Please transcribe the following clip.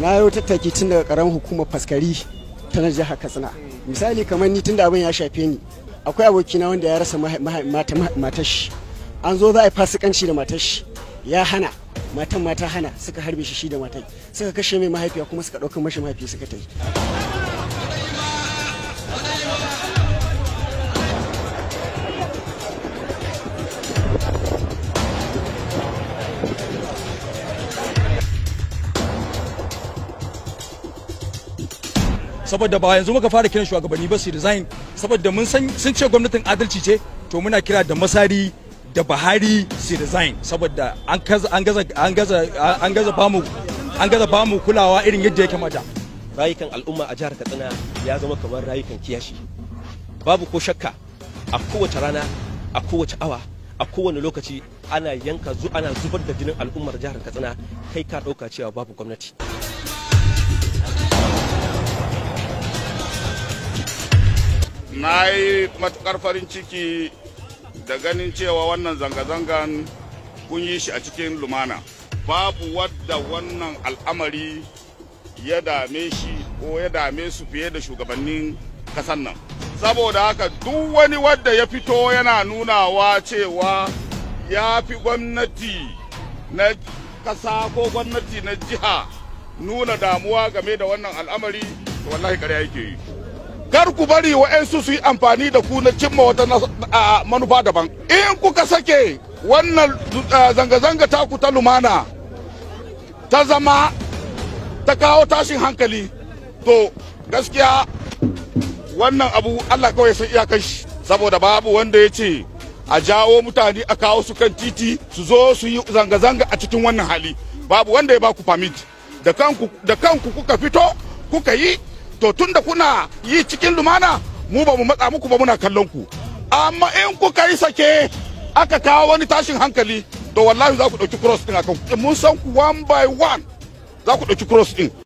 na yau tattaki tun daga karamar hukumar faskari ta na jihar katsina misali kamar ni tun da abin ya shafe ni akwai abokina wanda ya rasa matashi an zo za a yi fasikanci da matashi ya hana matan mata hana suka harbe shi shi da matan suka kashe mai mahaifiya kuma suka ɗaukar mashi mahaifi suka ta saboda ba yanzu muka fara kiran shugabanni ba su resign saboda mun san sun ce gwamnatin adalci ce to muna kira da masari da bahari. su resign saboda an gaza an gaza an gaza bamu an gaza bamu kulawa irin yadda ya kamata rayukan al'umma a jihar Katsina ya zama kamar rayukan kiyashi babu ko shakka a kowace rana a kowace awa a kowane lokaci ana yanka ana zubar da jinin al'ummar jihar Katsina kai ka dauka cewa babu gwamnati na yi matukar farin ciki da ganin cewa wannan zanga-zangan kun yi shi a cikin lumana babu wadda wannan al'amari ya dame shi ko ya dame su fiye da shugabannin kasan nan saboda haka duk wani wadda ya fito yana nunawa cewa ya fi gwamnati na kasa ko gwamnati na jiha nuna damuwa game da wannan al'amari wallahi kare yake yi kar ku bari wa'yansu su yi amfani da ku na cimma wata manufa daban in kuka sake wannan zanga-zanga ta ku ta lumana ta zama ta kawo tashin hankali to gaskiya wannan abu allah kawai san iyakan shi saboda babu wanda ya ce a jawo mutane a kawo su kan titi su zo su yi zanga-zanga a cikin wannan hali babu wanda ya baku famit da kanku kuka fito kuka yi to tun da kuna yi cikin lumana mu ba mu matsa muku ba muna kallon ku amma in kuka yi sake aka kawo wani tashin hankali to wallahi za ku ɗauki cross ɗin akan mun san ku one by one za ku ɗauki cross ɗin